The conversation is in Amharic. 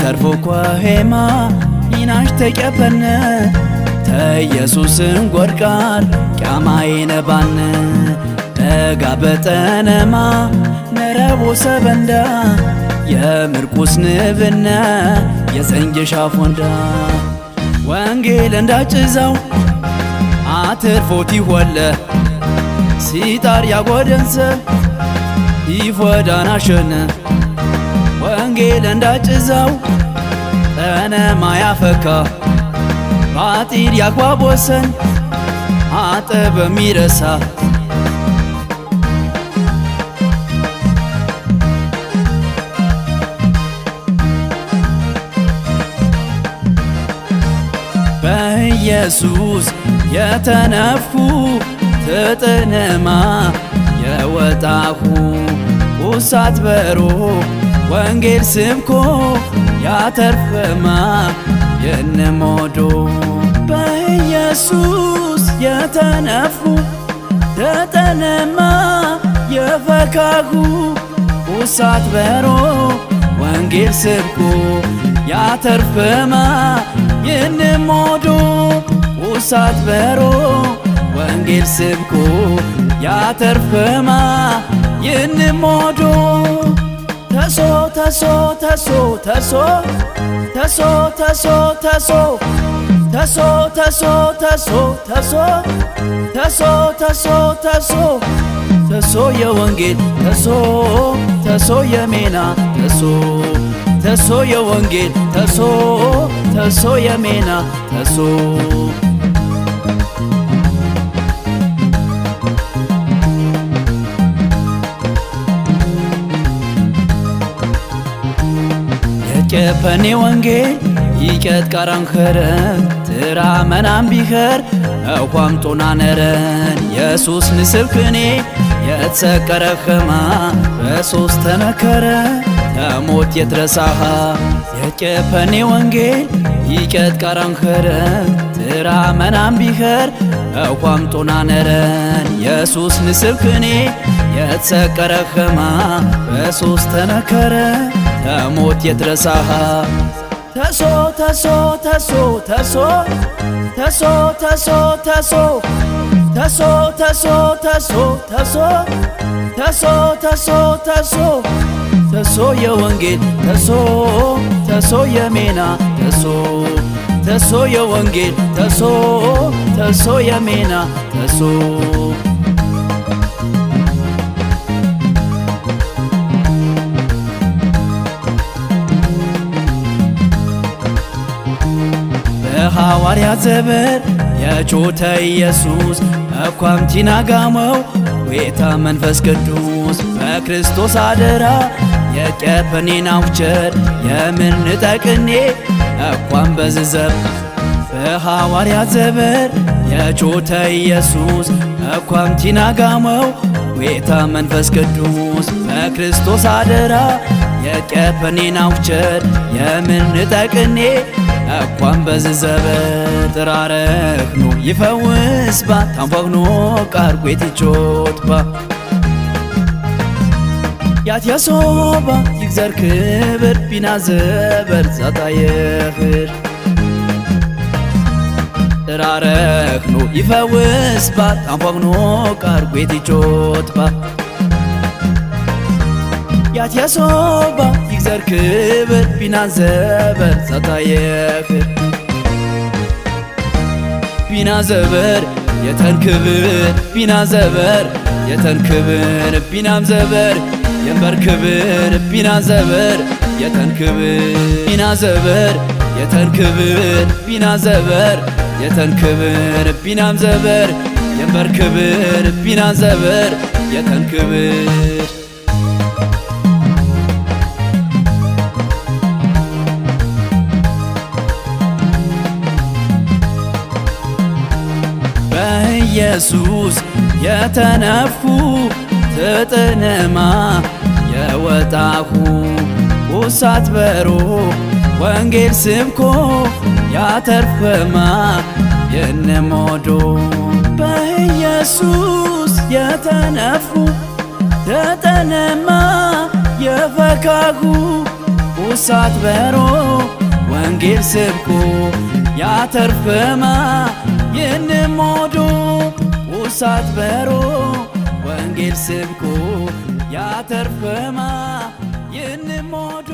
ተርፎ ኳሄማ ይናሽ ተቀበነ ተኢየሱስን ጐድቃል ቃማ ይነባነ ነጋ በጠነማ ነረቦ ሰበንዳ የምርቁስ ንብነ የዘንጌሻ ፎንዳ ወንጌል እንዳጭዛው አትርፎት ይወለ ሲጣር ያጐደንሰ ይፎዳን ወንጌል እንዳጭዘው ጠነ ማያፈካ ባጢል ያጓቦሰን አጠብ የሚረሳ በኢየሱስ የተነፉ ትጥንማ የወጣሁ ውሳት በሮ ወንጌል ስብኮ ያተርፈማ የነሞዶ በኢየሱስ የተነፉ ተጠነማ የፈካጉ ውሳት በሮ ወንጌል ስብኮ ያተርፈማ የነሞዶ ውሳት በሮ ወንጌል ስብኮ ያተርፈማ የነሞዶ ተሶ ተሶ ተሶ ተሶ ተሶ ተሶ ተሶ ተሶ ተሶ ተሶ ተሶ ተሶ ተሶ ተሶ ተሶ የወንጌል ተሶ ተሶ የሜና ተሶ ተሶ የወንጌል ተሶ ተሶ የሜና ተሶ ጨፈኔ ወንጌል ይቀጥቀረን ኸረን ትራ መናም ቢኸር ጦና ነረን ኢየሱስ ንስብክኔ የተሰቀረ ኸማ በሶስ ተነከረ ተሞት የትረሳኻ የጨፈኔ ወንጌል ይቀጥቀረን ኸረን ትራ መናም ቢኸር ጦና ነረን ኢየሱስ ንስብክኔ የተሰቀረ ኸማ በሶስ ተነከረ ከሞት የትረሳሃ ተሶ ተሶ ተሶ ተሶ ተሶ ተሶ ተሶ ተሶ ተሶ ተሶ ተሶ ተሶ ተሶ ተሶ ተሶ የወንጌል ተሶ ተሶ የሜና ተሶ ተሶ የወንጌል ተሶ ተሶ የሜና ተሶ ሐዋርያት ዘበር የቾተ ኢየሱስ እኳምቲና ጋመው ዌታ መንፈስ ቅዱስ በክርስቶስ አደራ የቀፈኔና ውቸር የምንጠቅኔ እኳም በዝዘብ በሐዋርያት ዘበር የቾተ ኢየሱስ እኳምቲና ጋመው ዌታ መንፈስ ቅዱስ በክርስቶስ አደራ የቀፈኔን አውቸድ የምንጠቅኔ እኳን በዝዘበ ጥራረክኖ ይፈውስባ ታንፋግኖ ቃርጎትቾትባ ያትያሶባ ይግዘር ክብር ቢና ቢናዘበር ዛታ የኽር ጥራረክኖ ይፈውስባ ታንፋግኖ ቃርጎትቾትባ ኃጢአት ያሶባ ይግዘር ክብር ቢናን ዘበር ዛታየኽር ቢና ዘበር የተን ክብር ቢና ዘበር የተን ክብር ቢናም ዘበር የንበር ክብር ቢና ዘበር የተን ክብር ቢና ዘበር የተን ክብር ቢና ዘበር የተን ክብር ቢናም ዘበር የንበር ክብር ቢና ዘበር የተን ክብር በኢየሱስ የተነፉ ትጥንማ የወጣሁ ውሳት በሮ ወንጌል ስብኮ ያተርፈማ የነሞዶ በኢየሱስ የተነፉ ተጠነማ የፈካጉ ውሳት በሮ ወንጌል ስብኮ ያተርፈማ የንሞዶ ውሳት በሮ ወንጌል ስብኮ ያተርፈማ የንሞዶ